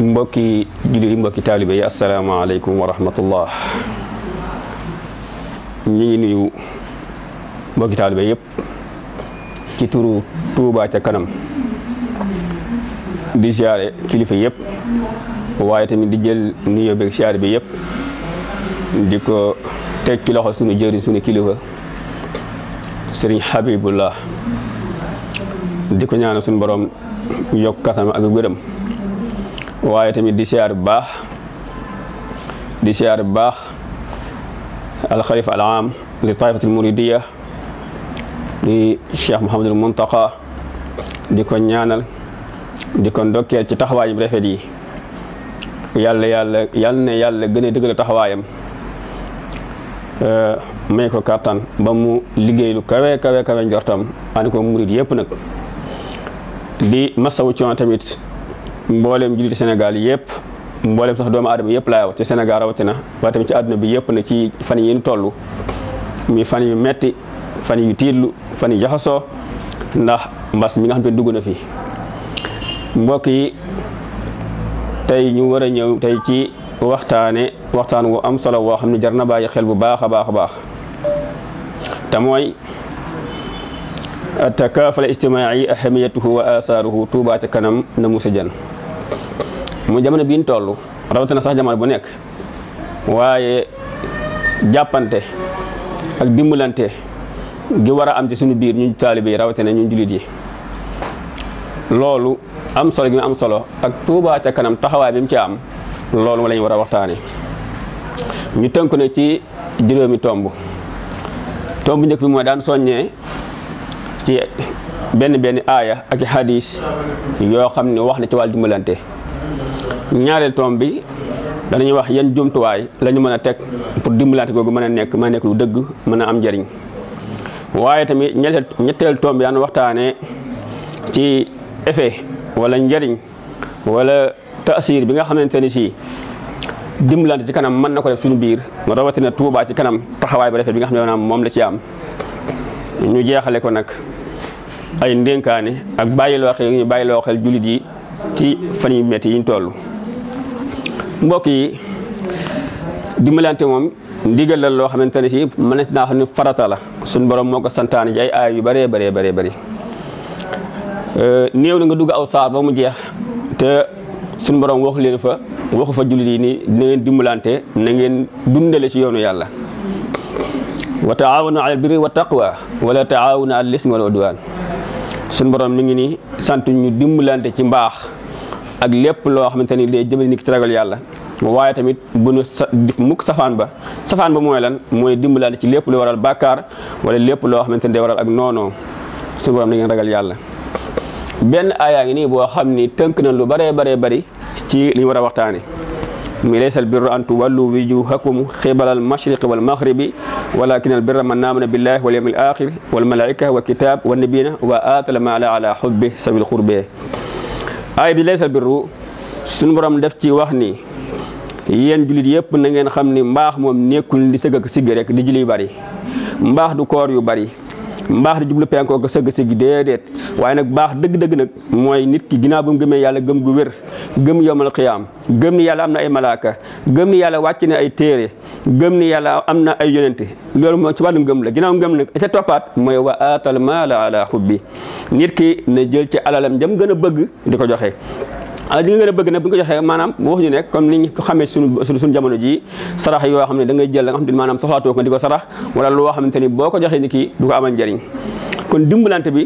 mbokki jullit yi mbokki taalibe yi asalaamaaleykum wa rahmatullah ñu ngi nuyu mbokki taalibe yëpp ci turu Touba ca kanam di siyaare kilifa yëpp waaye tamit di jël nuyoo beeg siyaare bi yëpp di ko teg ci loxo sunu jëriñ sunu kilifa sëriñ Habibullah di ko ñaanal sunu borom yokk katam ak gërëm. waaye tamit di siyaar bu baax di siyaar bu baax alxalifa al aam li taifati al muridiya di cheikh Mouhamadul Muntaqa di ko ñaanal di ko ndokkeel ci taxawaayam rafet yi yàlla yàlla yàll na yàlla gën a dëggal taxawaayam eh, may ko kàttan ba mu liggéey lu kawe kawe kawe njortam ànd ko murid yëpp nag di masawu coono tamit mbooleem jullit Sénégal yëpp mbooleem sax doomu adama yëpp laay wax ci Sénégal rawatina waaye tamit ci àdduna bi yëpp na ci fan yi ñu toll mi fan yu metti fan yu tiitlu fan yu jaxaso ndax mbas mi nga xam te dugg na fi mbokk yi tey ñu war a ñëw tey ci waxtaane waxtaan wu am solo woo xam ne jar na bàyyi xel bu baax a baax a baax te mooy takaaful ijtimaa'i ahamiyatuhu wa asaaruhu Tuubaa ca kanam na musa jën mu jamono bii ñu toll rawatina sax jamono bu nekk waaye jàppante ak dimbalante gi war a am ci suñu biir ñu taalibe yi rawatina ñu jullit yi loolu am solo gi mu am solo ak Tuubaa ca kanam taxawaay bi mu ci am loolu lañu war a waxtaane ñu tënk ne ci juróomi tomb tomb njëkk bi mooy daan soññee ci benn benn aaya ak i xadiis yoo xam ne wax na ci wàllu dimbalante ñaareel tomb bi danañuy wax yan jumtuwaay la mën a teg pour dimbalaate googu mën a nekk mën a nekk lu dëgg mën a am njariñ waaye tamit ñetteel ñetteel tomb bi daan waxtaanee ci effet wala njariñ wala taasir bi nga xamante ni si dimbalante ci kanam mën na ko def suñu biir rawatina Tuubaa ci kanam taxawaay ba rafet bi nga xam ne moom la ci am ñu jeexale ko nag ay ndénkaane ak bàyyi loo xel ñu bàyyi loo xel jullit yi ci fan yu metti yi ñu toll. mbokk yi dimbalante moom ndigal la loo xamante ne si mën na naa xam farata la suñ borom moo ko santaane ci ay aay yu bëree bëree bëree bëri euh, néew na nga dugg aw saar ba mu jeex te suñ borom waxu leen fa waxu fa jullit yi ni na dimbalante na ngeen dundale ci yoonu yàlla wa taawanu alal birri wa taqwa wala taawanu alal borom mi ngi ni sant ñu dimbalante ci mbaax ak lépp loo xamante ni de jëmale nit ki ci ragal yàlla waaye tamit bu nu sa mukk safaan ba safaan ba mooy lan mooy dimbalaale ci lépp lu waral bàkkaar wala lépp loo xamante ni day waral ak noonoo suñu borom na ngeen ragal yàlla benn aayaa ngi nii boo xam ni tënk na lu baree baree bari ci li ñu war a waxtaane mi laysal birru an tuwallu wujuhakum qibalal mashriqi wal maghribi walakin al birra man amana billahi wal yawmil akhir wal malaika wa kitab wa wa aatala maala ala ay bi laysa birru suñu borom def ci wax ni yéen jullit yëpp na ngeen xam ni mbaax moom nekkul di sëgg ak sigg rek di julli bari mbaax du koor yu bari mbaax di jublu penkoo ko sëgg sëgg déedéet waaye nag baax dëgg-dëgg nag mooy nit ki ginnaaw ba mu gëmee yàlla gëm gu wér gëm yomal xiyaam gëm ni yàlla am na ay malaaka gëm ni yàlla wàcc na ay téere gëm ni yàlla am na ay yonente loolu moom ci wàllum gëm la ginaaw gëm nag ca toppaat mooy wa aatal maa ala xubbi nit ki na jël ci alalam jëm gën a bëgg di ko joxe li nga gën a bëgg nag bu ñu ko joxee maanaam mu wax ñu ne comme niñ ko suñu jamono ji sarax yoo xam ne da ngay jël la nga xam ne maanaam soxlaatoo ko di ko sarax wala ni boo kon dimbalante bi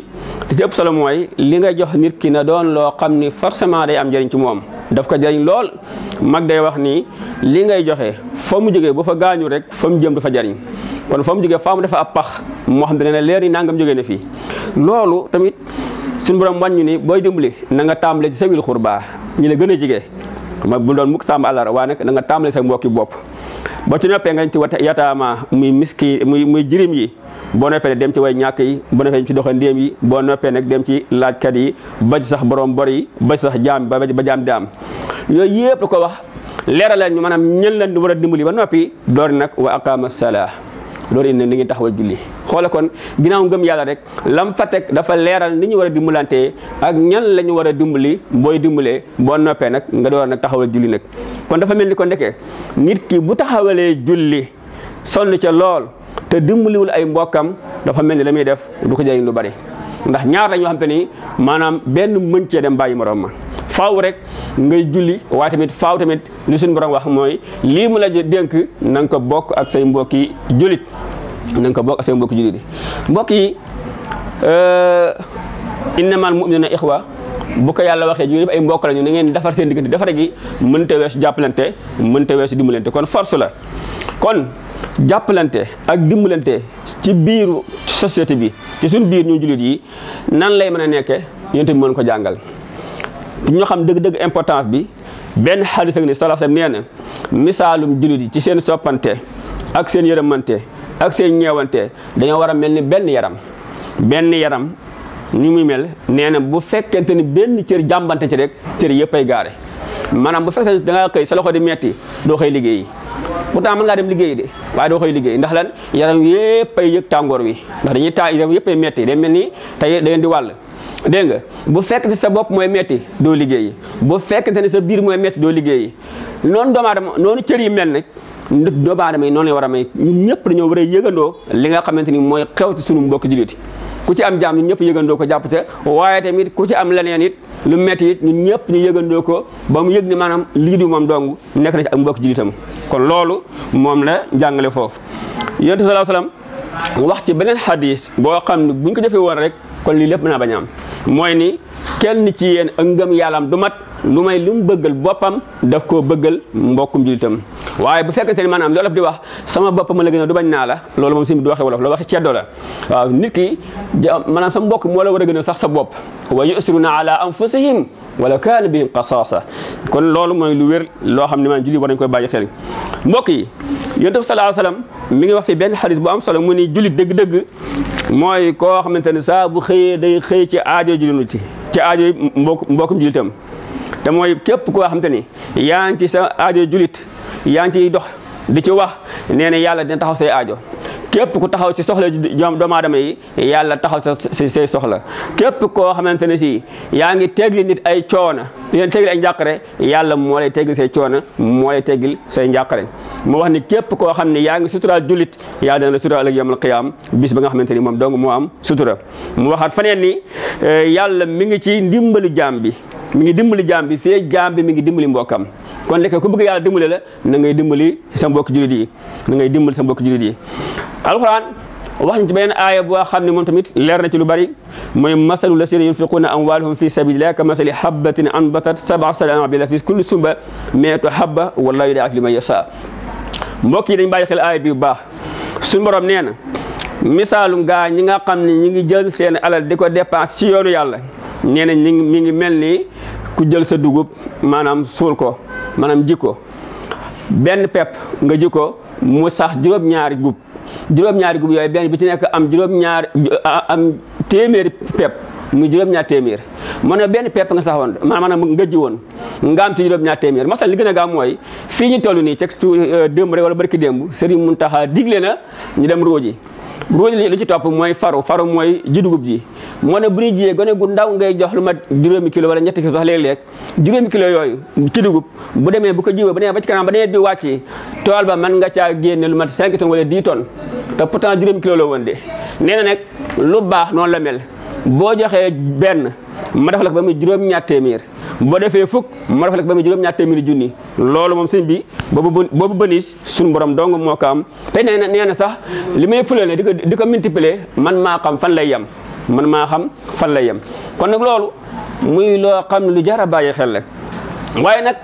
li ci ëpp solo mooy li jox nit ki na doon loo xam ni forcément day am jariñ ci moom daf ko jëriñ lool mag day wax ni li ngay joxe fa mu jógee boo fa gaañu rek fa mu jëm dafa jariñ kon fa mu jógee faa mu dafa ab pax moo xam ne na leer yi nangam jógee na fii loolu tamit suñu borom wàññi ni booy dimbali nanga nga tàmbale ci sa wil xurbaa ñi la gën a jige ma bu doon mukk sàmm àllara waa nag na nga tàmbale sa mbokki bopp ba ci noppee nga ci wata yataama muy miski muy muy jirim yi boo noppee nag dem ci way ñàkk yi boo noppee dem ci doxandéem yi boo noppee nag dem ci laajkat yi ba ci sax borom bor yi ba ci sax jaam ba ba jaam daam yooyu yëpp ko wax leeralal ñu maanaam ñën leen di war a dimbali ba noppi door nag waa aqaama salaa loolu indi ni ngi taxawal julli xoole kon ginnaaw ngëm yàlla rek lam fa teg dafa leeral ni ñu war a dimbalantee ak ñan lañu war a dimbali booy dimbalee boo noppee nag nga door nag taxawal julli nag kon dafa mel ni ko ndekee nit ki bu taxawalee julli sonn ca lool te dimbaliwul ay mbokkam dafa mel ni la muy def du ko jëriñ lu bari ndax ñaar la xam te ni maanaam benn mën cee dem bàyyi moroom ma faaw rek ngay julli waaye tamit faaw tamit li suñu borom wax mooy lii mu la dénk na ko bokk ak say mbokki jullit na nga ko bokk ak say mbokki jullit mbokk yi euh, innamal mu'minuna ixwa bu ko yàlla waxee ñu yëpp ay mbokk lañu na ngeen defar seen diggante defare gi mënta weesu jàppalante mënta weesu dimbalante kon force la kon jàppalante ak dimbalante ci biiru société bi ci suñ biir ñu jullit yi nan lay mën a nekke yéen tamit mën ko jàngal ñu xam dëgg-dëgg importance bi benn xadis ak ni salaasam nee na misaalum jullit yi ci seen soppante ak seen yërëmante ak seen ñeewante dañoo war a mel ni benn yaram benn yaram ni muy mel nee na bu fekkente ni benn cër jàmbante ci rek cër yëpp ay gaare maanaam bu fekkente ni da ngaa xëy di metti doo liggéey liggéeyi pourtant mën ngaa dem liggéeyi de waaye doo xëy liggéey ndax lan yaram yëpp yëg tàngoor wi ndax dañuy taa yaram yëpp ay metti day mel ni tey da di wàll dégg nga bu fekkente sa bopp mooy metti doo liggéey bu fekkente ne sa biir mooy metti doo liggéey noonu doomu aadama noonu cër yi mel nag doomu aadama yi noonu la war a may ñun ñëpp dañoo war a yëgandoo li nga xamante ni mooy xew ci sunu mbokk jullit ku ci am jaam ñëpp yëgandoo ko jàpp te waaye tamit ku ci am leneen it lu metti it ñun ñëpp ñu yëgandoo ko ba mu yëg ni maanaam lii di moom dong nekk na ci ak mbokk kon loolu moom la jàngale foofu yonent sallallahu wasallam wax ci beneen hadis boo xam ne buñ ko defee woon rek kon lii lépp naa bañ mooy ni kenn ci yéen ak ngëm yàllaam du mat lu may lu mu bëggal boppam daf koo bëggal mbokkum jullitam waaye bu fekkente ni maanaam loolu di wax sama bopp ma la gën a du bañ naa la loolu moom si du waxee wolof la waxee ceddo la waaw nit ki maanaam sa mbokk moo la war a gën a sax sa bopp wa yusiruna ala anfusihim wala kaana bihim qasaasa kon loolu mooy lu wér loo xam ne maanaam julli war nañ koy bàyyi xel mbokk yi yonent bi salaa salaam mi ngi wax fi benn xadis bu am solo mu ni jullit dëgg-dëgg mooy koo xamante ne saa bu xëyee day xëy ci aajo jullit ci ci aajo mbokk mbokkum jullitam te mooy képp koo xamante ni yaa ngi ci sa aajo jullit yaa ngi ciy dox di ci wax nee na yàlla dina taxaw say aajo képp ku taxaw ci soxla doomu aadama yi yàlla taxaw sa say soxla képp koo xamante ne si yaa ngi tegli nit ay coona yéen tegli ay njàqare yàlla moo lay teggil say coono moo lay teggil say njàqare mu wax ni képp koo xam ne yaa ngi suturaal jullit yàlla dana la suturaal ak yawmal qiyaam bis ba nga xamante ni moom dong moo am sutura mu waxaat faneen ni eh, yàlla mi ngi ci ndimbalu jaam bi mi ngi dimbali jaam bi fee jaam bi mi ngi dimbali mbokkam kon lekk ku bëgg yàlla dimbale la na ngay dimbali sa mbokk jullit yi na ngay dimbali sa mbokk jullit yi alxuraan wax ñu ci beneen aaya boo xam ne moom tamit leer na ci lu bari mooy masalu la sina yunfiquuna amwaalahum fi sabilillahi ka masali habbatin anbatat sab'a sanaabila fi kulli sunbulatin mi'atu habba wallaahu yudaa'ifu liman yashaa mbokk yi dañ bàyyi xel aaya bi bu baax suñu borom nee na misaalum gaa ñi nga xam ni ñi ngi jël seen alal di ko dépense ci yoonu yàlla nee na ñi mi ngi mel ni ku jël sa dugub maanaam suul ko maanaam ji ko benn pepp nga ji ko mu sax juróom-ñaari gub juróom-ñaari gub yooyu benn bi ci nekk am juróom-ñaar am téeméeri pep mu juróom-ñaar téeméer man ne benn pepp nga sax woon maanaam nga ji woon nga am ci juróom-ñaar téeméer masal li gën a gaaw mooy fii ñu toll nii teg tu euh, démb rek wala barki démb Serigne Mountakha digle na ñu dem ruuji ruuj li ci topp mooy faru faru mooy ji dugub ji moo bu ñuy jiyee gone gu ndaw ngay jox lu mat juróomi kilo wala ñetti kilo sax léeg-léeg juróomi kilo yooyu ci dugub bu demee bu ko jiwee ba demee ba ci kanam ba nawet bi wàccee tool ba mën nga caa génne lu mat 5 tonnes wala 10 tonnes te pourtant juróomi kilo la woon de nee na nag lu baax noonu la mel. boo joxee benn ma defal ko ba muy juróom-ñaar téeméer boo defee fukk ma defal ko ba muy juróom-ñaar téeméeri junni loolu moom suñ bi boobu boobu bënis suñu borom dong moo ko am te nee na nee na sax li may fulale di ko di ko multiplier man maa xam fan lay yem man maa xam fan lay yem kon nag loolu muy loo xam ne lu jar a bàyyi xel la waaye nag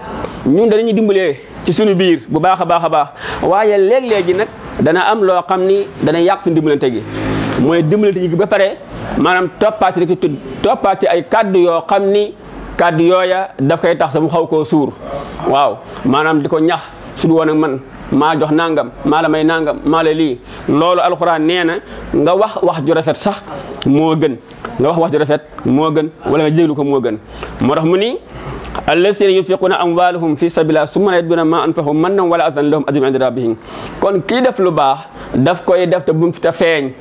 ñun danañu dimbalee ci suñu biir bu baax a baax a baax waaye léeg-léegi nag dana am loo xam ni dana yàq suñu dimbalante gi mooy dimbalante gi ba pare. maanaam toppaati rek tudd ay kàddu yoo xam ni kàddu yooya daf koy tax sa mu xaw koo suur waaw maanaam di ko ñax su du woon ak man maa jox nangam maa la may nangam maa la lii loolu alxuraan nee na nga wax wax ju rafet sax moo gën nga wax wax ju rafet moo gën wala nga jéglu ko moo gën moo tax mu ni na yunfiquna amwalahum fi sabilillah summa la yajiduna ma anfaqu mannan wala adan lahum ajrun inda rabbihim kon kii def lu baax daf koy def te bu fi ta feeñ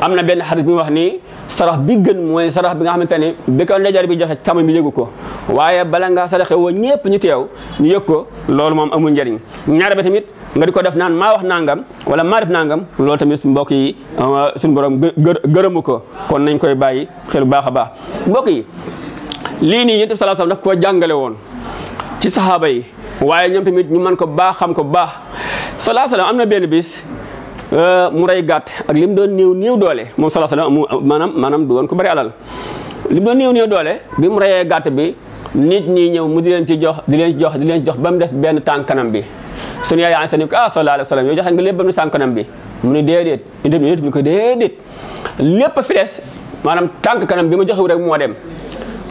am na benn xarit bu wax ni sarax bi gën mooy sarax bi nga xamante ni bi ko nejar bi joxe càmmoñ bi yëgu ko waaye bala ngaa saraxe woo ñëpp ñu teew ñu yëg ko loolu moom amul njariñ ñaar ba tamit nga di ko def naan maa wax nangam wala maa def nangam loolu tamit suñu mbokk yi ah, suñu borom gërëmu ko kon nañ koy bàyyi xel baax a baax mbokk yi lii nii yonent bi sallallahu alayhi wasallam daf koo jàngale woon ci saxaaba yi waaye ñoom tamit ñu mën ko baax xam ko baax sallallahu alayhi wasallam am na benn bis Euh, mu rey gàtt ak li mu doon néew néew doole moom salaa salaam mu maanaam maanaam du woon ku alal li mu doon néew néew doole bi mu reyee gàtt bi nit ñi ñëw mu di leen ci jox di leen jox di leen jox ba mu des benn tànk kanam bi suñu yaay Aysa ni ko ah sallallahu alayhi wa sallam yow joxe nga lépp ba mu des tànk kanam bi mu ni déedéet ñu dem ñu ko lépp fi des maanaam tànk kanam bi ma joxewu rek moo dem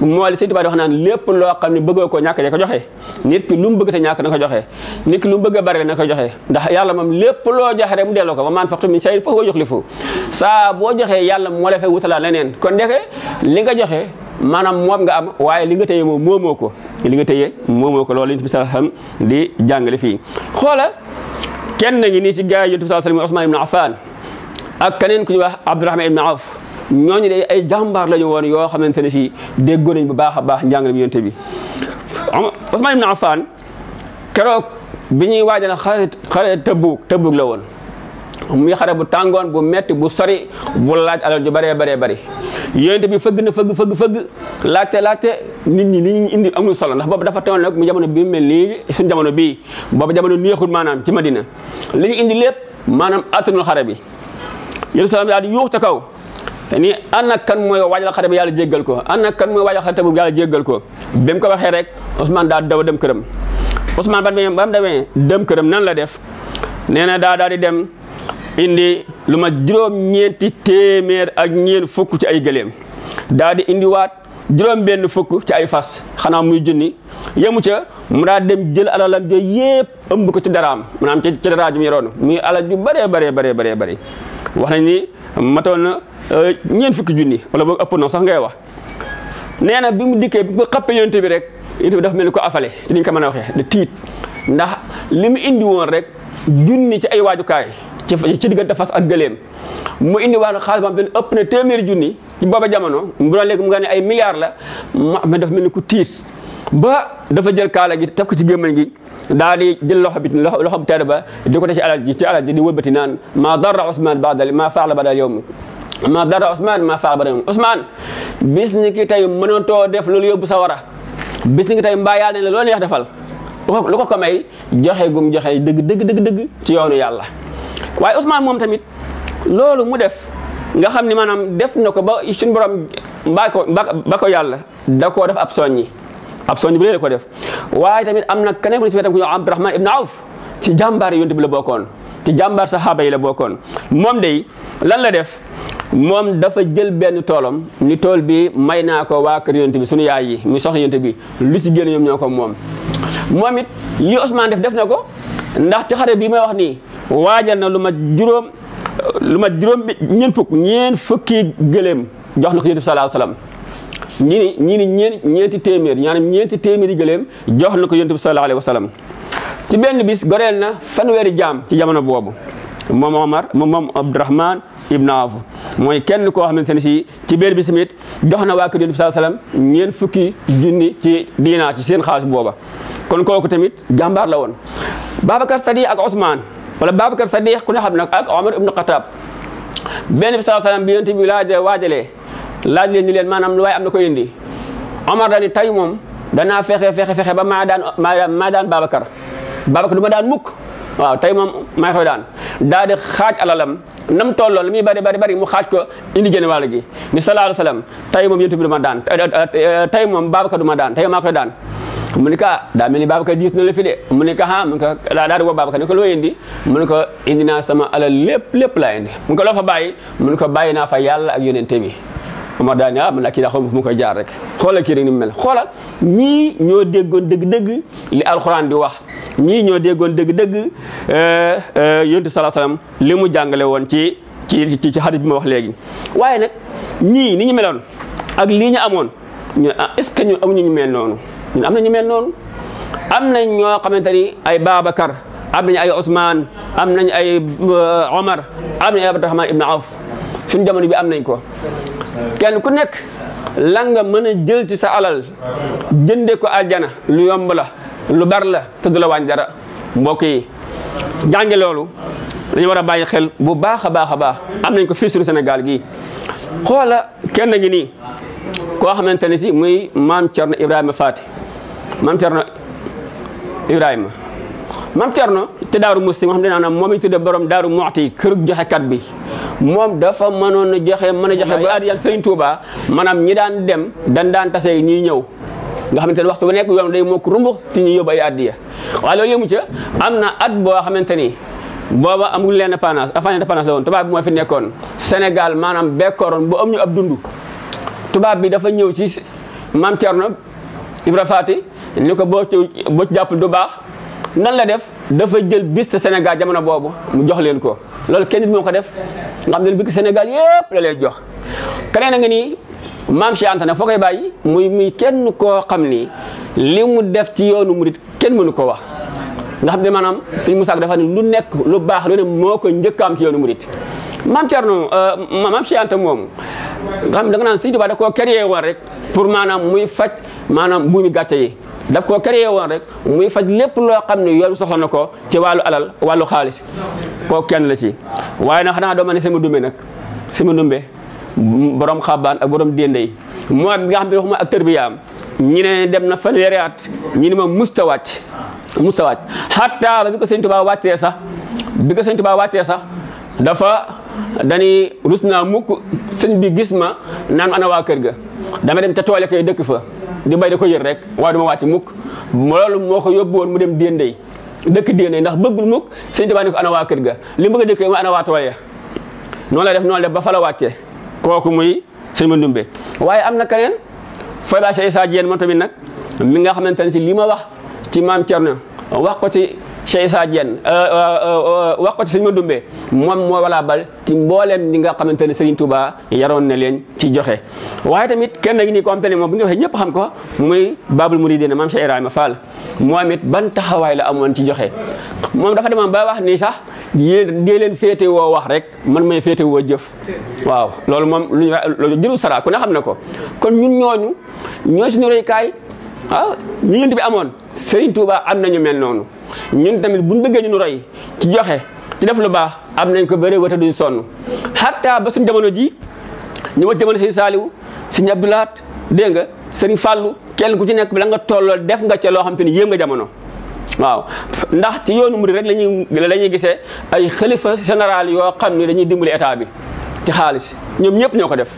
moo li Sëñ Tuubaa di wax naan lépp loo xam ne bëggoo ko ñàkk de ko joxe nit ki lu mu bëgg te ñàkk na ko joxe nit ki lu mu bëgg a bari na ka joxe ndax yàlla moom lépp loo joxe rek mu delloo ko wa maa anfaqtum min shay'in fa huwa yukhlifu saa boo joxe yàlla moo la fay wutalaa leneen kon ndeke li nga joxe maanaam moom nga am waaye li nga téye moom moomoo ko li nga téye moomoo ko loolu yonent bi xam di jàngale fii xoola kenn ngi nii ci gaa yi yonent bi sallallahu alayhi wa ak keneen ku ñuy wax Abdurahmaan ibn Awf ñooñu de ay jàmbaar lañu woon yoo xamante ne si déggoo nañ bu baax a baax njàngale bi yonte bi keroog bi ñuy waajal xare xare Tabuk la woon muy xare bu tàngoon bu metti bu sori bu laaj alal ju bëree bëree bëri yonte fëgg na fëgg fëgg fëgg laajte laajte nit ñi li ñu indi amul solo ndax boobu dafa teewoon nag mu jamono bi mel nii suñ jamono bii boobu jamono neexul maanaam ci Madina li indi lépp maanaam attanul xare bi yéen salaam di yuux ca kaw ni ana kan mooy waajal xare bi yàlla jéggal ko ana kan mooy waajal xare bi yàlla jéggal ko bi mu ko waxee rek Ousmane daa daw dem këram Ousmane ba mu demee dem këram nan la def nee na daa daal di dem indi lu ma juróom-ñeenti téeméer ak ñeen fukk ci ay gëléem daa di indiwaat juróom-benn fukk ci ay fas xanaa muy junni yemu ca mu daa dem jël alalam jooyu yépp ëmb ko ci daraam maanaam ci ci daraa ju mu yoroon muy alal ju bëree bëree bëree wax nañ ni matoon Euh, ñeent fukki junni wala boog ëpp na sax ngay wax nee na bi mu dikkee bi mu xappee yonte bi rek yonte bi dafa mel ni ko afale ci niñ ko mën a waxee de tiit ndax li mu indi woon rek junni ci ay waajukaay ci ci diggante fas ak gëleem mu indi wàllu xaalis boo xam ne ëpp na téeméeri junni ci booba jamono bu na léegi mu nga ne ay milliards la ma dafa mel ni ku tiit ba dafa jël kaala gi taf ko ci gémmañ gi daal di jël loxo bi loxo bu tedd ba di ko te ci alal ji ci alal ji di wëlbati naan maa darra Ousmane Badal maa faala Badal yow mi ma dara Ousmane ma faal ba dem Ousmane bis ni ki tey mënatoo def loolu yóbbu sa wara bis tey mbaa yàlla ne la loolu neex defal lu ko ko may joxe gum joxe dëgg dëgg dëgg dëgg ci yoonu yàlla waaye Ousmane moom tamit loolu mu def nga xam ni maanaam def na ko ba suñu borom mbaa ba ko yàlla da koo def ab yi ab soññi bu léeg ko def waaye tamit am na keneen ku ne ci wetam ku ñëw Abdurahman ibn Awf ci jàmbaar yonent bi la bokkoon ci jàmbaar saxaaba yi la bokkoon moom day lan la def moom dafa jël benn toolam ni tool bi may naa ko waa kër yonte bi suñu yaay yi muy soxna yonte bi lu ci génn ñoom ñoo ko moom moom it li Ousmane def def na ko ndax ci xare bi may wax nii waajal na lu ma juróom lu ma juróom ñeen fukki gëléem jox na ko yonte bi sallallahu alayhi wasallam ñi ñii ni ñeenti téeméer ñaanam ñeenti téeméeri gëléem jox na ko yonte bi sallallahu alayhi wasallam ci benn bis goreel na fanweeri jaam ci jamono boobu moom Omar moom Abdourahman ibn Awf mooy kenn koo xamante ne si ci benn bis jox na waa kër Yonent bi sallam ñeent fukki junni ci diinaar si seen xaalis booba kon kooku tamit jàmbaar la woon Babacar Sadiq ak Ousmane wala Babacar Sadiq ku ne xam na ak Omar ibn Khattab benn bi sallam bi Yonent bi laaj waajalee laaj leen ni leen maanaam waaye am na ko indi Omar daal ni moom danaa fexe fexe fexe ba maa daan maa daan Babacar Babacar du ma daan mukk waaw tay moom maa koy daan daal di xaaj alalam nam tolloo li muy bari bari bari mu xaaj ko indi génn wàll gi ni sallallahu alayhi wa sallam tey moom yonent bi du ma daan tey moom Babacar du ma daan tey maa koy daan mu ni ka ah, daa mel ni Babacar gis na la de mu ni ka ah mu ni ko daa daa di woo Babacar ni ko loo indi mu ni ko indi naa sama alal lépp lépp laa indi mu ni ko loo fa bàyyi mu ni ko bàyyi naa fa yàlla ak yonent bi Omar daal ne ah man ak kii daa xam fu mu koy jaar rek xoolal kii ni mel xoolal ñii ñoo déggoon dëgg-dëgg li alxuraan di wax ñii ñoo déggoon dëgg-dëgg euh, euh, yonent salaa salaam li mu jàngale woon ci ci ci xarit bi ma wax léegi. waaye nag ñii ni ñu meloon ak lii ñu amoon ñu ah, ce que ñun amuñu ñu mel noonu am na ñu mel noonu am nañ ñoo xamante ni ay Babacar am nañ ay Ousmane am nañ ay euh, Omar am nañ ay Abdourahman Ibn Awf suñu jamono bi am nañ ko kenn ku nekk la mën a jël ci sa alal jënde ko aljana lu yomb lu bar la te du la wàññi dara mbokk yi jànge loolu dañu war a bàyyi xel bu baax a baax a baax am nañ ko fii suñu Sénégal gi xoola kenn ngi nii koo xamante ne si muy maam Thierno Ibrahima Fati maam na Ibrahima mam Thierno te Daaru Musti moo xam ne naa moom ñu tudde borom Daaru Muxti kërug joxekat bi moom dafa mënoon a joxe mën a joxe ba àddiyam Sëriñ Tuuba maanaam ñi daan dem dan daan tase ñuy ñëw nga xamante ne waxtu bu nekk yoon day mokk rumbu te ñuy yóbbu ay addiya waaye loolu yëmu ca am na at boo xamante ni booba amul leen indépendance avant indépendance la woon tubaab bi moo fi nekkoon senegal maanaam bekkooroon boo am ñu ab dund tubaab bi dafa ñëw si mam Thierno Ibra Faati ni ko boo jàpp du baax nan la def dafa jël biste Sénégal jamono boobu mu jox leen ko loolu kenn moo ko def nga xam ne biste Sénégal yëpp la lay jox. keneen a nga ni maam Cheikh Anta nag foo koy bàyyi muy muy kenn ko xam ni li mu def ci yoonu murit kenn mënu ko wax. nga xam ne maanaam sëñ Moussa dafa ni lu nekk lu baax lu ne moo ko njëkkaam ci yoonu murit maam Thierno euh, maam Cheikh Anta moomu nga xam da nga naan sëñ Tuubaa da koo créé woon rek pour maanaam muy faj maanaam buumi gàcce yi. daf koo créé woon rek muy faj lépp loo xam ne yoon bi soxla na ko ci wàllu alal wàllu xaalis kooku kenn la ci waaye na xanaa doo ma ne sama dumbe nag sama dumbe borom xabaan ak borom déndey moom bi nga xam ne waxuma ak tërbiyaam ñi ne dem na fanweeri at ñi ne ma musta wàcc musta wàcc xataa ba bi ko sëñ Tuubaa wàccee sax bi ko sëñ Tuubaa wàccee sax dafa dañuy rus naa mukk sëñ bi gis ma naan ana waa kër ga dama dem te toole kay dëkk fa di bay da ko yër rek waaye du ma wàcc mukk loolu moo ko yóbbu woon mu dem déndey dëkk déndey ndax bëggul mukk sëñ Tuubaa ne ko ana waa kër ga li mu bëgg a dëkk ma ana waa tooya noonu la def noonu la def ba fa la kooku muy sëñ ma ndumbe waaye am na keneen fay baa sa Issa Diène moom nag mi nga xamante ne si li ma wax ci maam Thierno wax Cheikh Issa Diène euh, euh, euh, wax ko ci sëñ Madoumbe moom moo wala bal ti mbooleem ñi nga xamante ne Serigne Touba yaroon na leen ci joxe waaye tamit kenn ngi nii ko am te ne moom bu ñëpp xam ko muy Babul Mouridina maam Cheikh Ibrahima Fall moom it ban taxawaay la amoon ci joxe moom dafa demoon ba wax nii sax yéen dee féete woo wax rek man may féete woo jëf waaw loolu moom lu ñu jëru sara ku ne xam na ko kon ñun ñooñu ñooy suñu roykaay ah ñu bi amoon Serigne Touba am nañu mel noonu ñun tamit bu ñu bëggee ñu roy ci joxe ci def lu baax am nañ ko bëri wata duñ sonn xataa ba suñ jamono ji ñu wax jamono sëñ Saaliw sëñ Abdou laat dégg nga sëñ Fàllu kenn ku ci nekk bi la nga tolloo def nga ca loo xam ni yéem nga jamono waaw ndax ci yoonu murid rek lañuy la ñuy gisee ay xalifa général yoo xam ne dañuy dimbali état bi ci xaalis ñoom ñëpp ñoo ko def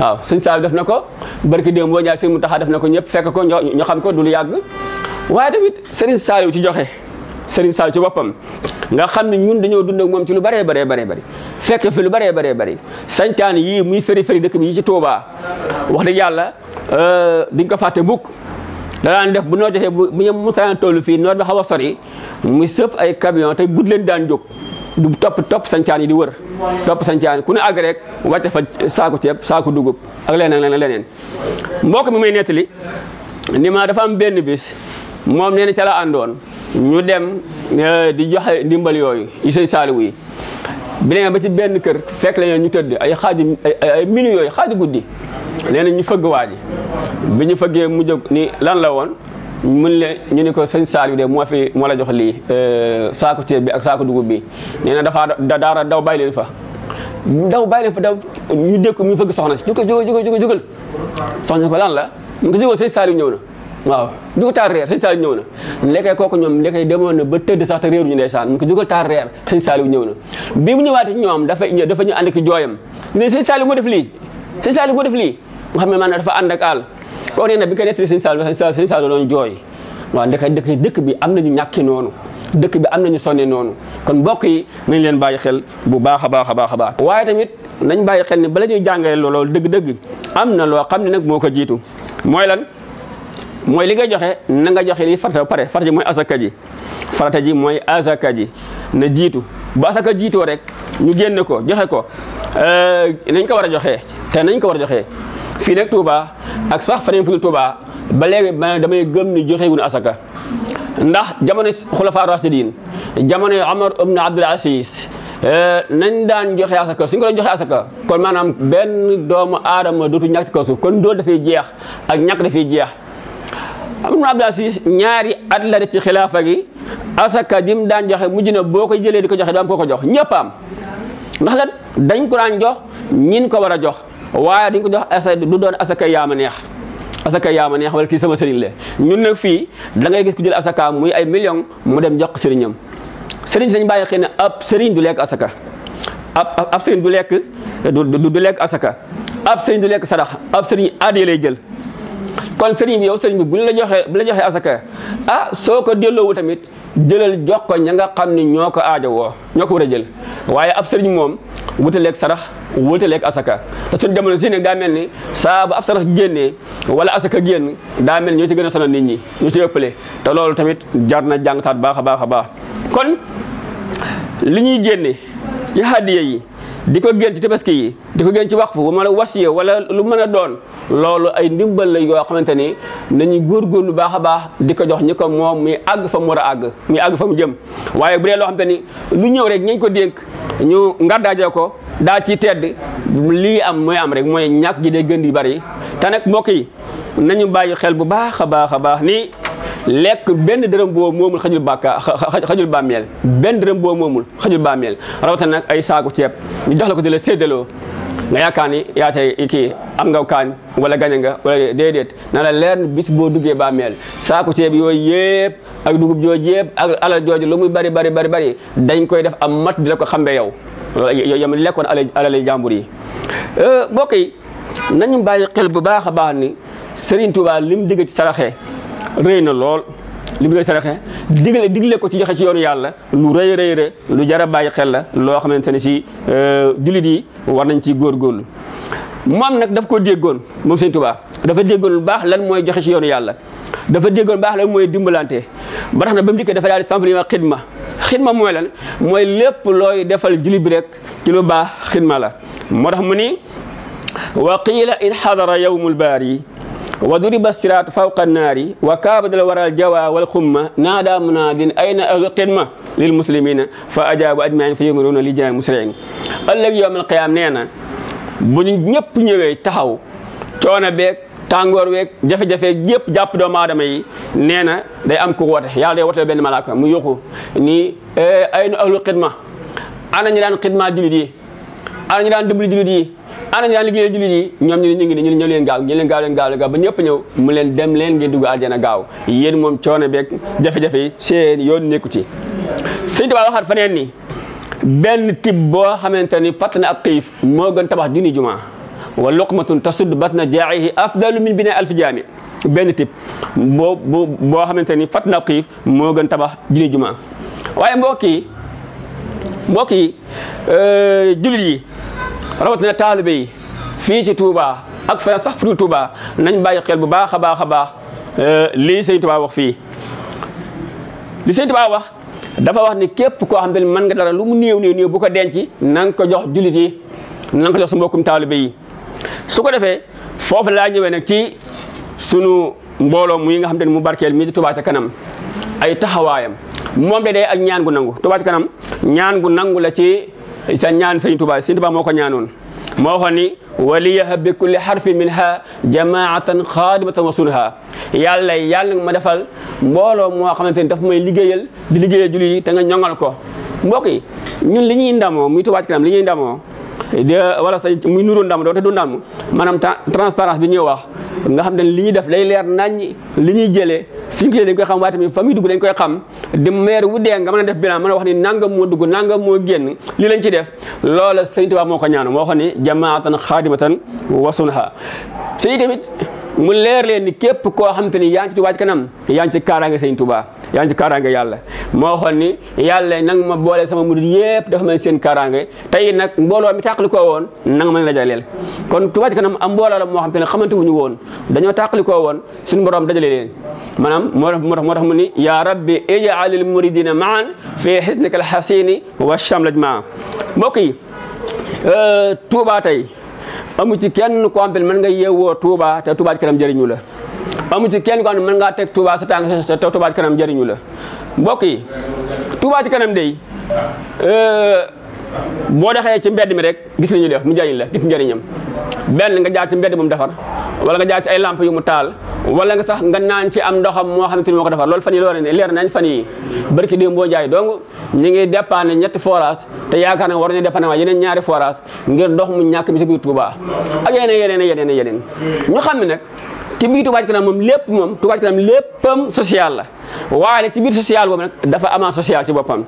waaw sëñ Saaliw def na ko barki démb boo ñaar sëñ taxaa def na ko ñëpp fekk ko ñoo xam ko du lu yàgg waaye tamit sëriñ Saaliw ci joxe Serigne Sall ci boppam nga xam ne ñun dañoo dund ak moom ci lu bëree bëree bëree bëri fekk fi lu bëree bëree bëri santaan yii muy fëri fëri dëkk bi yi ci Touba wax dëgg yàlla euh, diñ ko fàtte mukk danaan def bu noo jotee bu bu ñu musaan fii noor bi xaw a sori muy sëpp ay camion te gudd leen daan jóg du topp topp sancaan yi di wër topp sancaan ku ne àgg rek wàcce fa saaku ceeb saaku dugub ak leneen leneen leneen mbokk mi muy nettali ni ma dafa am benn bis moom nee na àndoon ñu dem euh, di joxe ndimbal yooyu yi sëñ saaliwu yi bi nee ba ci benn kër fekk la ñu tëdd ay xaaju ay minu yooyu xaaju guddi nee na ñu fëgg waa ji bi ñu fëggee mu jóg ni lan la woon mun le ñu ni ko sëñ saaliwu de moo fi moo la jox lii euh, saako ceeb bi ak saako dugub bi nee na dafa daara daw bàyyi leen fa daw bàyyi leen fa daw ñu dékk mu fëgg soxna si jugal jugal jugal jugal soxna ko lan la ñu ko jugal sëñ saaliwu ñëw na waaw jugal taar reer sëñ Saliou ñëw na lekkee kooku ñoom lekkee demoon na ba tëdd sax te réeruñu ndeysaan mu ko jugal taal reer sëñ Saliou ñëw na bi mu ñëwaatee ñoom dafa ñëw dafa ñu ànd ak jooyam ne sëñ Saliou moo def lii sëñ Saliou moo def lii nga xam ne maanaam dafa ànd ak àll kooku nee na bi nga nettali sa Saliou sëñ Saliou doon jooy waaw ndeke dëkk dëkk bi am nañu ñàkki noonu dëkk bi am na nañu sonne noonu kon mbokk yi nañ leen bàyyi xel bu baax a baax a baax a baax waaye tamit nañ bàyyi xel ni bala ñuy jàngale lool dëgg-dëgg am na loo xam ne nag moo ko jiitu mooy lan mooy li nga joxe na nga joxe li farata ba pare farata ji mooy asaka ji ji mooy asaka ji na jiitu ba asaka jiitoo rek ñu génne ko joxe ko euh, nañ ko war a joxe te nañ ko war a joxe fii nag Touba ak sax feneen fu Touba ba léegi damay gëm ni joxe wuñu asaka ndax jamono xulafaa rasidin jamono Omar ibn Abdul Aziz euh, nañ daan joxe asaka suñ ko doon joxe asaka kon maanaam benn doomu aadama dootu ñàkk ci kaw kon dool dafay jeex ak ñàkk dafay jeex. Amar ibn Abdul Aziz ñaari at la def ci xilaafa gi asaka jim daan joxe mujj na boo ko jëlee di ko joxe doo am ko ko jox ñëpp am ndax la dañ ko daan jox ñin ko war a jox waaye dañ ko jox asa du doon asaka yaama neex asaka yaama neex wala kii sama sëriñ le ñun nag fii da ngay gis ku jël asaka muy ay million mu dem jox ko sëriñam sëriñ sañ bàyyi xëy na ab sëriñ du lekk asaka ab ab sëriñ du lekk du lekk asaka ab sëriñ du lekk sarax ab sëriñ aadee lay jël kon sëriñ bi yow sëriñ bi bu la joxee bu la joxee asaka ah soo ko delloowu tamit jëlal jox ko ña nga xam ni ñoo ko aajo woo ñoo ko war a jël waaye ab sëriñ moom wutaleeg sarax wutaleeg asaka te suñ jamono si nag daa mel ni saa bu ab sarax génnee wala asaka génn daa mel ni ñoo ci gën a sonal nit ñi ñoo ci ëppale te loolu tamit jar na jàngtaat baax a baax a baax kon li ñuy génne ci hadiya yi di ko génn ci tabaski yi di ko génn ci waqfu wala wasiya wala lu mën a doon loolu ay ndimbal la yoo xamante ni nañu góorgóorlu baax a baax di ko jox ñi ko moom muy àgg fa mu war a àgg muy àgg fa mu jëm waaye bu dee loo xamante ni lu ñëw rek ñañ ko dénk ñu ngardaajoo ko daa ci tedd lii am mooy am rek mooy ñàkk gi day gën di bari te nag mbokk yi nañu bàyyi xel bu baax a baax a baax ni lekk benn dërëm boo moomul xajul bàkka xajul bàmmeel benn dërëm boo moomul xajul bàmmeel rawatina nag ay saaku ceeb ñu jox la ko di la séddaloo nga yaakaar ni yaa tey kii am nga kaan wala gañe nga wala déedéet na la leer boo duggee bàmmeel saaku ceeb yooyu yëpp ak dugub jooju yëpp ak alal jooju lu muy bari bari bari bari dañ koy def am mat di la ko xambe yow loolu yow mi lekkoon alal alali jàmbur yi euh, mbokk yi nañu bàyyi xel bu baax a baax ni Serigne Touba li mu digg rëy na lool li ngay saraxe digle digle ko ci joxe ci yoonu yàlla lu rëy rëy rëy lu jar a bàyyi xel la loo xamante ne si euh, jullit yi war nañ ci góorgóorlu moom nag daf koo déggoon moom Sëñ Tuubaa dafa déggoon lu baax lan mooy joxe ci yoonu yàlla dafa déggoon baax la mooy dimbalante ba tax na ba mu dikkee dafa daal di samp ma xidma xidma mooy lan mooy lépp looy defal jullit bi rek ci lu baax xidma la moo tax mu ni wa qiila in xadara yawmul yi wa duriba siraat fawqa annaari wa kaabadal waral jawa wal xumma naada munaadin ayna ahlu xidma lil muslimina fa ajaabu ajmain fa yumiruna li jaay musriin ëllëg yowmal qiyaam nee na bu ñu taxaw coono beeg tàngoor weeg jafe-jafe yëpp jàpp doomu aadama yi nee na day am ku woote yàlla day woote benn malaaka mu yuuxu ni eh, ayna ahlu xidma ana ñu daan xidma jullit yi ana ñu daan dimbali jullit yi ana daan liggéey jullit yi ñoom ñu ne ñu ngi ne ñu leen gaaw ñu leen gaaw leen gaaw leen gaaw ba ñëpp ñëw mu leen dem leen ngeen dugg àjjana gaaw yéen moom coono beeg jafe-jafe yi seen yoon nekku ci sëñ Tuubaa waxaat faneen ni benn tib boo xamante ni fatt na ab xiif moo gën tabax junni jumaa wa luqmatun tasud batna jaa'ihi afdalu min bina alfi jaami benn tib boo boo xamante ni fatt na ab xiif moo gën tabax junni jumaa waaye mbokk yi mbokk yi euh, jullit yi rawatina taalibe yi fii ci Touba ak feneen sax fu Touba nañ bàyyi xel bu baax a baax a baax euh, lii sëñ Touba wax fii li sëñ Touba wax dafa wax ni képp koo xam te ni mën nga dara lu mu néew néew néew bu ko denc na nga ko jox jullit yi na nga ko jox su mbokkum taalibe yi su ko defee foofu laa ñëwee nag ci sunu mbooloo mu yi nga xam te mu barkeel mi di Touba ca kanam ay taxawaayam moom de day ak ñaan gu nangu Touba kanam ñaan gu nangu la ci sa ñaan sëñ Tuubaa sëñ Tuubaa moo ko ñaanoon moo waxoon ni waliyaha bi kulli xarfin minha jamaatan xaadimatan wa sunha yàlla yàlla nga ma defal mbooloo moo xamante ni daf may liggéeyal di liggéeyal julli yi te nga ñoŋal ko mbokk yi ñun li ñuy ndamoo muy Touba Ca Kanam li ñuy ndamoo wala sa muy nuroo ndam doote du ndam maanaam transparence bi ñuy wax nga xam ne li ñuy def lay leer naññ li ñuy jëlee fi ñu ko jëlee dañ koy xam waaye tamit fa muy dugg dañ koy xam di meer wu dee nga mën a def bilan mën a wax ni nangam moo dugg nangam moo génn lii lañ ci def loola sëñ Tuubaa moo ko ñaanu moo xam ni jamaatan xaadimatan wasunha sëñ tamit mu leer leen ni képp koo xam te ni yaa ngi ci Touba Ca Kanam yaa ci kaaraange sëñ Tuubaa yaa ngi ci kaaraange yàlla moo waxoon ni yàlla nang ma boole sama murid yëpp dafa ma seen kaaraange tey nag mbooloo mi tàqalikoo woon nanga ma ne dajaleel kon Touba Ca Kanam am mbooloo la moo xam te ne xamante wuñu woon dañoo tàqalikoo woon suñu borom dajale leen maanaam moo tax moo tax mu ni yaa rabbi ijaalil muridina maan fii xisnikal xasini wa chamlaj maa mbokk yi euh, Touba tey amu ci kenn ko xam ne mën nga yeewoo Touba te Touba Ca Kanam jëriñu la amu ci kenn ko xam ne mën ngaa teg Touba sa tànk sa Touba ci kanam jëriñu la mbokk yi Touba ci kanam day euh, boo doxee ci mbedd mi rek gis li ñuy def mu jëriñ la gis njëriñam benn nga jaar ci mbedd bu mu defar wala nga jaar ci ay lamp yu mu taal wala nga sax nga naan ci am ndoxam moo xamante ni moo ko defar loolu fan yi loolu leer nañ fan yi barki démb boo jaay donc ñu ngi dépanne ñetti forage te yaakaar na war nañu dépanne waa yeneen ñaari forage ngir ndox mu ñàkk mi ci biir Touba ak yeneen yeneen yeneen yeneen ñu xam ne nag ci biir Touba ca kanam moom lépp moom Touba ca kanam léppam social la waaye ci biir social boobu nag dafa amaat social ci boppam.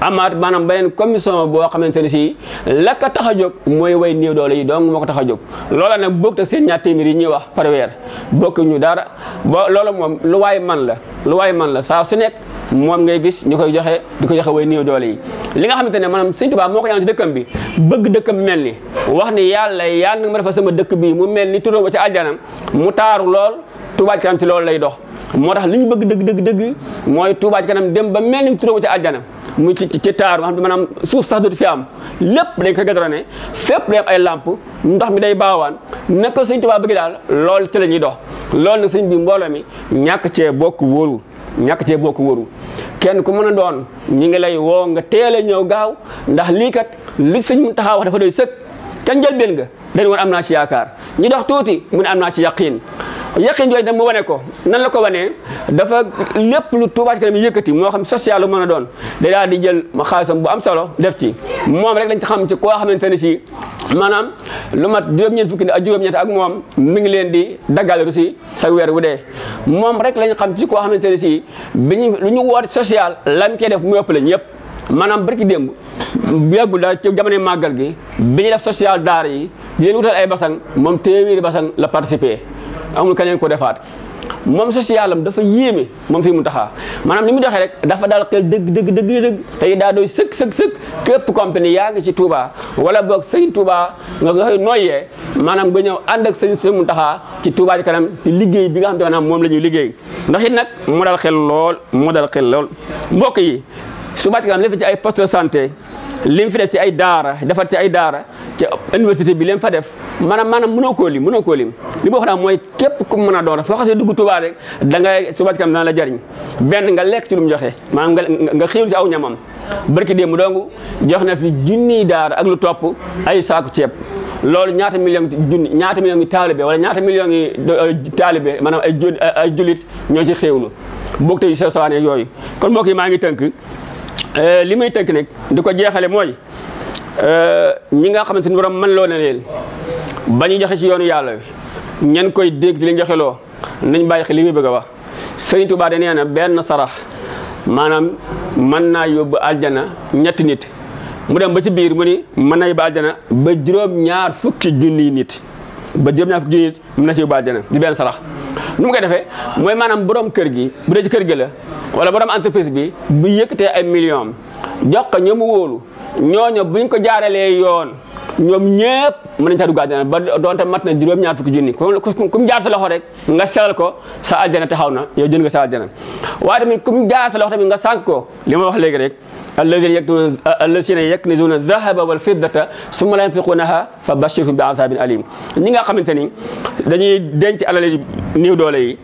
amaat maanaam beneen commission boo xamante ne si la tax a jóg mooy way néew doole yi donc moo ko tax a jóg loola nag bokk ak seen ñaar téeméer yi ñuy wax par weer bokk ñu dara ba loolu moom lu waay man la lu waay man la saa su nekk. moom ngay gis ñu koy joxe di ko joxe way néew doole yi li nga xamante ne maanaam sëñ Tuubaa moo ko ñaan ci dëkkam bi bëgg dëkkam bi mel ni wax ni yàlla yàlla nga ma defal sama dëkk bi mu mel ni turam ba ci aljanam mu taaru lool Tuubaa ci kanam ci loolu lay dox moo tax li ñu bëgg dëgg dëgg dëgg mooy Tuubaa ci kanam dem ba mel ni turam ba ci aljanam mu ci ci taaru nga xam ne suuf sax dootu fi am lépp dañ koy gadrone ne day am ay làmp ndox mi day baawaan naka sëñ Tuubaa bëgg daal lool ci la ñuy dox loolu nag sëñ bi mbooloo mi ñàkk cee bokk wóolu ñàkk cee bokk wóoru kenn ku mën a doon ñi ngi lay woo nga teel a ñëw gaaw ndax lii kat li sëñ mu taxaw wax dafa doy sëkk ca njëlbeen nga dañ woon am naa ci yaakaar ñu dox tuuti mu ne am naa ci yaqiin yaqin jooju nag mu wane ko nan la ko wanee dafa lépp lu Touba Ca Kanam yëkkati moo xam social lu mën a doon day daal di jël xaalisam bu am solo def ci moom rek lañ ci xam ci koo xamante ne si maanaam lu mat juróom-ñeent fukki ak juróom ak moom mi ngi leen di daggal rusi sa weer wu dee moom rek lañ xam ci koo xamante ne si bi ñu lu ñu woor social lan cee def mu ëpp la ñëpp maanaam barki démb yàggul daal ci jamono màggal gi bi ñu def social daar yi di leen wutal ay basang moom téeméeri basang la participer amul keneen ko defaat moom social am dafa yéeme moom fii mu taxaa maanaam ni mu doxee rek dafa daal xel dëgg dëgg dëgg dëgg te it daa doy sëkk sëkk sëkk képp yaa ngi ci Touba wala boog sëñ Touba nga koy nooyee maanaam nga ñëw ànd ak sëñ sëñ mu taxaa ci Touba ci kanam ci liggéey bi nga xam te maanaam moom la ñuy liggéey ndax it nag mu dal xel lool moo dal xel lool mbokk yi Touba ci kanam lépp ci ay poste de santé lim fi def ci ay daara defar ci ay daara ca université bi lim fa def maanaam maanaam mënoo koo lim mënoo koo lim li ma wax daal mooy képp ku mën a doon rek soo xasee dugg Tuubaa rek da ngay suba ci kanam dana la jariñ benn nga lekk ci lu mu joxe maanaam nga nga xiiru ci aw ñamam barki démb dong jox na fi junniy daara ak lu topp ay saaku ceeb loolu ñaata million junni ñaata million yi taalibe wala ñaata million yi taalibe maanaam ay ay jullit ñoo ci xéewlu bokk tey sa sawaane yooyu kon mbokk yi maa ngi tënk Euh, li may tënk nag di ko jeexale mooy euh, ñi nga xamante ni borom mën loo na leen ba ñu joxe ci yoonu yàlla wi ñan koy dégg di leen joxe loo nañ bàyyi xel li muy bëgg a wax Sëriñ Tuubaa da nee na benn sarax maanaam mën naa yóbbu aljana ñetti nit mu dem ba ci biir mu ni mën na yóbbu aljana ba juróom-ñaar fukki junniy nit ba juróom-ñaar fukki junniy nit mën na ci yóbbu aljana di benn sarax nu mu ko defee mooy maanaam borom kër gi bu dee ci kër gi la wala borom entreprise bi bu yëkkatee ay million jox ko ñoom mu wóolu ñooñu buñ ko jaaralee yoon ñoom ñëpp mën nañu caa dugg àjjana ba doonte mat na juróom-ñaar fukki junni ku mu jaar sa loxo rek nga sellal ko sa àjjana taxaw na yow jënd nga sa àjjana waaye tamit ku mu jaar sa loxo tamit nga sànq ko li ma wax léegi rek. alladina yaknizuna alladina yaknizuna dhahaba wal fiddata summa la yunfiqunaha fa bashirhum bi azabin alim ñi nga xamante ni dañuy denc alal yi néew doole yi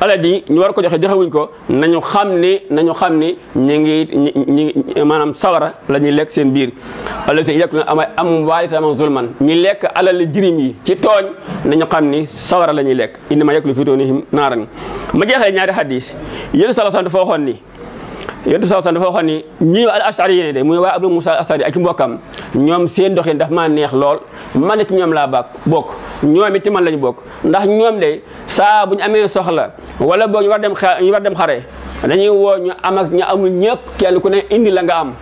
alal ji ñu war ko joxe joxewuñ ko nañu xam ni nañu xam ni ñu ngi ñi maanaam sawara la ñuy lekk seen biir alal si yekk na ama am waalita ama zulman ñi lekk alal jirim yi ci tooñ nañu xam ni sawara la ñuy lekk indi ma yekk lu fiitoonihim naaran ma jeexee ñaari hadis yéen sala dafa waxoon ni yonent saa sallam dafa waxoon ni ñii al ashari yéene de muy waa Abu Musa al ashari ak i mbokkam ñoom seen doxin daf maa neex lool man ci ñoom laa bak bokk ñoom it man lañu bokk ndax ñoom de saa bu ñu amee soxla wala boog ñu war dem xa ñu war dem xare dañuy woo ñu am ak ñu amul ñëpp kenn ku ne indi la nga am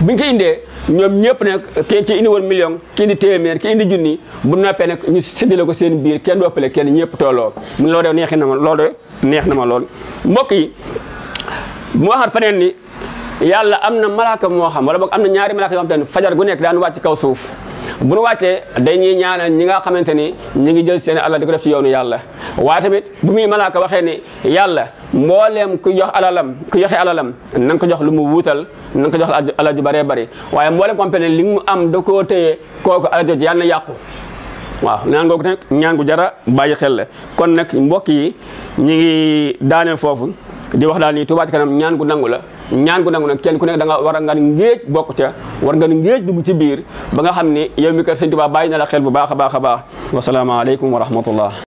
bi ñu ko indee ñoom ñëpp nag ki ki indi woon million ki indi téeméer ki indi junni bu noppee nag ñu séddale ko seen biir kenn doppale kenn ñëpp tooloo mu loolu de neexi na ma loolu de neex na ma lool mbokk yi mu waxaat feneen ni yàlla am na malaaka moo xam wala boog am na ñaari malaaka yoo xamante ni fajar gu nekk daan wàcc kaw suuf bu nu wàccee dañuy ñaanal ñi nga xamante ni ñi ngi jël seen alal di ko def ci yoonu yàlla waaye tamit bu muy malaaka waxee ni yàlla mbooleem ku jox alalam ku joxe alalam na nga ko jox lu mu wuutal na nga ko jox alal ju bëree bëri waaye mbooleem ko li mu am da ko téye kooku alal jooju yàlla na yàqu waaw ñaan googu nag ñaan gu bàyyi xel la kon nag mbokk yi ñi ngi daaneel foofu di wax daal ni Touba Ca Kanam ñaan gu nangu la ñaan gu nangu nag kenn ku nekk da war a nga ngéej bokk ca war nga ngéej dugg ci biir ba nga xam ni yow mi kër sëñ Touba bàyyi na la xel bu baax a baax a baax wasalaamaaleykum wa rahmatullah